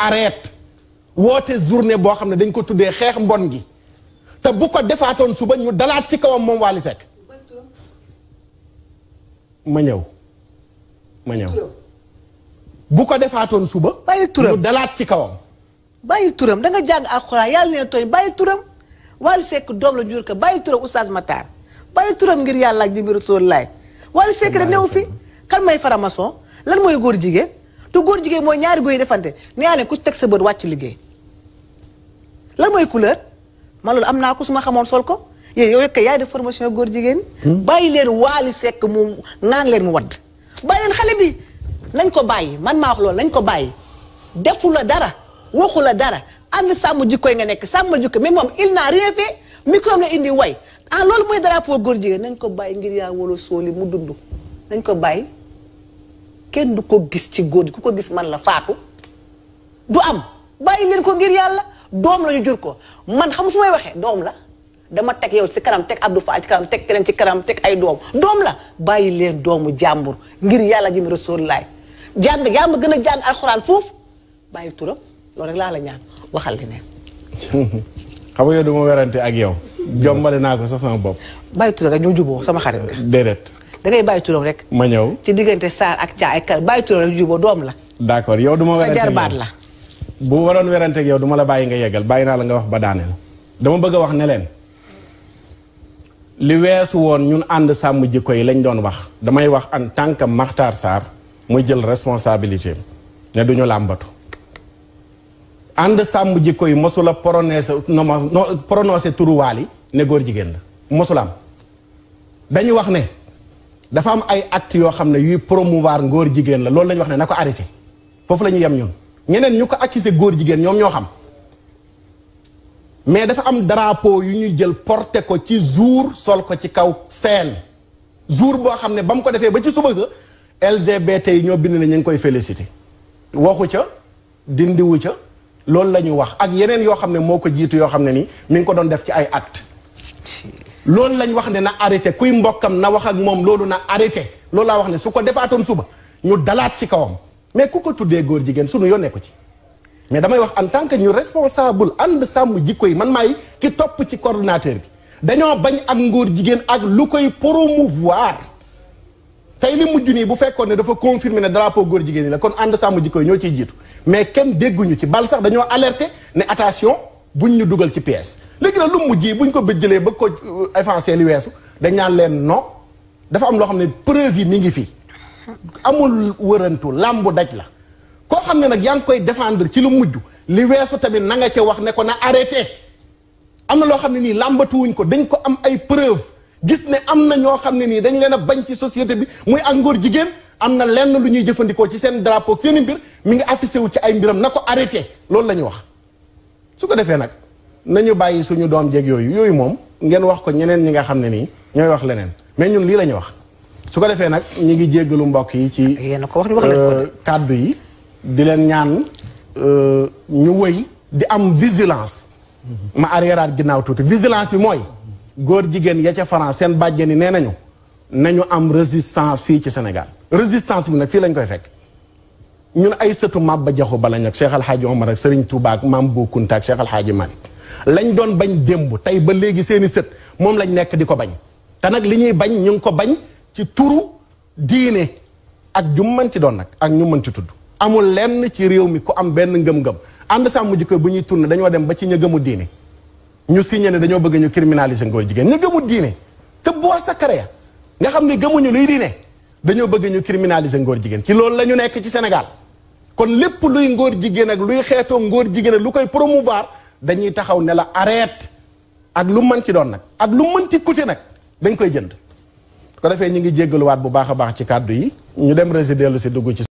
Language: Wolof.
arrête woote journée boo xam ne dañ ko tuddee xeex mbon gi te bu ko defaatoon suba ñu dalaat ci kawam moom Wally Seck ñëw ma ñëw ko defaatoon suba. bàyyi turam ñu dalaat ci kawam. bàyyi turam da nga jàng alxuraan yàlla nee tooy bàyyi turam Wally Seck doom la njur ka bàyyi turam oustaz Matar bàyyi turam ngir yàlla ak di biir Rasulullah Wally Seck new fi kan may faramason lan mooy góor jigéen. te góor jigéen mooy ñaari góor yi defante nee naa leen ku teg sa bët wàcc liggéey lan mooy couleur man loolu am naa ko su ma xamoon sol ko yéen yow kay yaay def formation góor jigéen. Hmm? bàyyi leen waali sekk mu naan leen mu wadd. bàyyi leen xale bi nañ ko bàyyi man maa wax loolu nañ ko bàyyi defu la dara waxu la dara ànd sàmm jikkoy nga nekk sàmm jikko mais moom il n'a rien fait microbe la indi way ah loolu mooy drapeau góor jigéen nañ ko bàyyi ngir yaa wala sóoli mu dund nañ ko bàyyi. kenn du ko gis ci góor gi ku ko gis man la faatu du am bàyyi leen ko ngir yàlla doom la ñu jur ko man xam su may waxee doom la dama teg yow ci kanam teg Abdou Fall ci kanam teg keneen ci kanam teg ay doom doom la bàyyi leen doomu jàmbur ngir yàlla ji mi rasul laay jàng yaa ma gën a jàng alxuraan foofu bàyyi turam loolu rek laa la ñaan waxal di ne. xam nga yow du ma werante ak yow. Hmm. jombale naa ko sax sama bopp. bàyyi turam rek ñoo juboo sama xarit nga. da ngay bàyyi turam rek. ma ñëw ci diggante Sarr ak Thia ay kàr bàyyi turam rek jubóo doom la. d' accord yow du werante sa jarbaat la. bu waroon weranteeg yow du la bàyyi nga yegal bàyyi naa la nga wax ba daaneel dama bëgg a wax ne leen li weesu woon ñun ànd sàmm jikko yi lañ doon wax damay wax en tant que saar Sarr muy jël responsabilité ne duñu làmbatu. ànd sàmm jikko yi mosul a prononcé prononcé yi ne góor jigéen la mosul dañu wax ne. dafa am ay actes yoo xam ne yuy promouvoir ngóor jigéen la loolu la ñu wax ne na ko arrêté foofu la ñu yem ñun ñeneen ñu ko accusé góor jigéen ñoom ñoo xam mais dafa am drapeau yu ñu jël porté ko ci jour sol ko ci kaw seen jour boo xam ne ba mu ko defee ba ci suba sa LGBT yi ñoo bind ne ñu ngi koy félicité waxu ca dindiwu ca loolu la ñu wax ak yeneen yoo xam ne moo ko jiitu yoo xam ne nii mi ngi ko doon def ci ay actes loolu lañ wax ne na arrêté kuy mbokkam na wax ak moom loolu na arrêté loolu laa wax ne su ko defaatoon suba ñu dalaat ci kawam mais ku ko tuddee góor jigéen sunu yoon nekku ci mais damay wax en tant que ñu responsable ànd sàmm jikko yi man maay ki topp ci coordonnateur bi dañoo bañ ak ngóor jigéen ak lu koy promouvoir tey li mujj nii bu fekkoon ne dafa confirmer ne drapeau góor jigéen yi la kon ànd sàmm jikko yi ñoo ciy jiitu mais kenn dégguñu ci bal sax dañoo alerter ne attention buñ ñu dugal ci pièce léegi nag lu mujj yi ñu ko bëjjëlee ba ko euh, effacé li weesu dañ naan leen non dafa am loo xam ne preuve yi mi ngi fii amul wërantu làmbu daj la koo xam ne nag yaa ngi koy défendre ci lu mujj li weesu tamit na nga ca wax ne ko na arrêté am na loo xam ne nii làmbatuwuñ ko dañ ko am ay preuve gis ne am na ñoo xam ne nii dañ leen bañ ci société bi muy ak ngóor jigéen am na lenn lu ñuy jëfandikoo ci seen drapeau seen mbir mi ngi affiché wu ci ay mbiram na ko arrêté loolu la ñu wax su ko defee nag nañu bàyyi suñu doom jeeg yooyu yooyu moom ngeen wax ko ñeneen ñi nga xam ne nii ñooy wax leneen mais ñun lii la ñu wax su ko defee nag ñu ngi jéggalu mbokk yi ci euh, kàddu yi di leen ñaan euh, ñu wëy di am vigilance ma arriéraat ginnaaw tuuti vigilance bi mooy góor jigéen ya ca France seen bàjjeni nee nañu nañu am résistance fii ci Sénégal résistance bi nag fii lañ koy fekk ñun ay sëtu Maba Ba lañ ak Cheikh seexal Hadj Omar ak Serigne Touba ak Maam Bou Kounta ak Cheikh Al Hadj lañ doon bañ démb tey ba léegi seeni sët moom lañ nekk di ko bañ te nag li ñuy bañ ñu ngi ko bañ ci turu diine ak ju mën ci doon nag ak ñu mën ci tudd. amul lenn ci réew mi ku am benn ngëm-ngëm ànd sàmm jikko bu ñuy tourné dañoo dem ba ci ña gëmu diine ñu signé ne dañoo bëgg ñu criminaliser ngóor jigéen ña gëmu diine te boo sacré nga xam ni gëmuñu luy diine dañoo bëgg ñu criminaliser ngoor jigéen ci loolu la ñu nekk ci Sénégal kon lépp luy ngóor jigéen ak luy xeetoo ngóor jigéen ak lu koy promouvoir dañuy taxaw ne la arrête ak lu mën ci doon nag ak lu mën ci coûter nag dañ koy jënd ko defee ñu ngi jéggaluwaat bu baax a baax ci kàddu yi ñu dem résider lu si dugg ci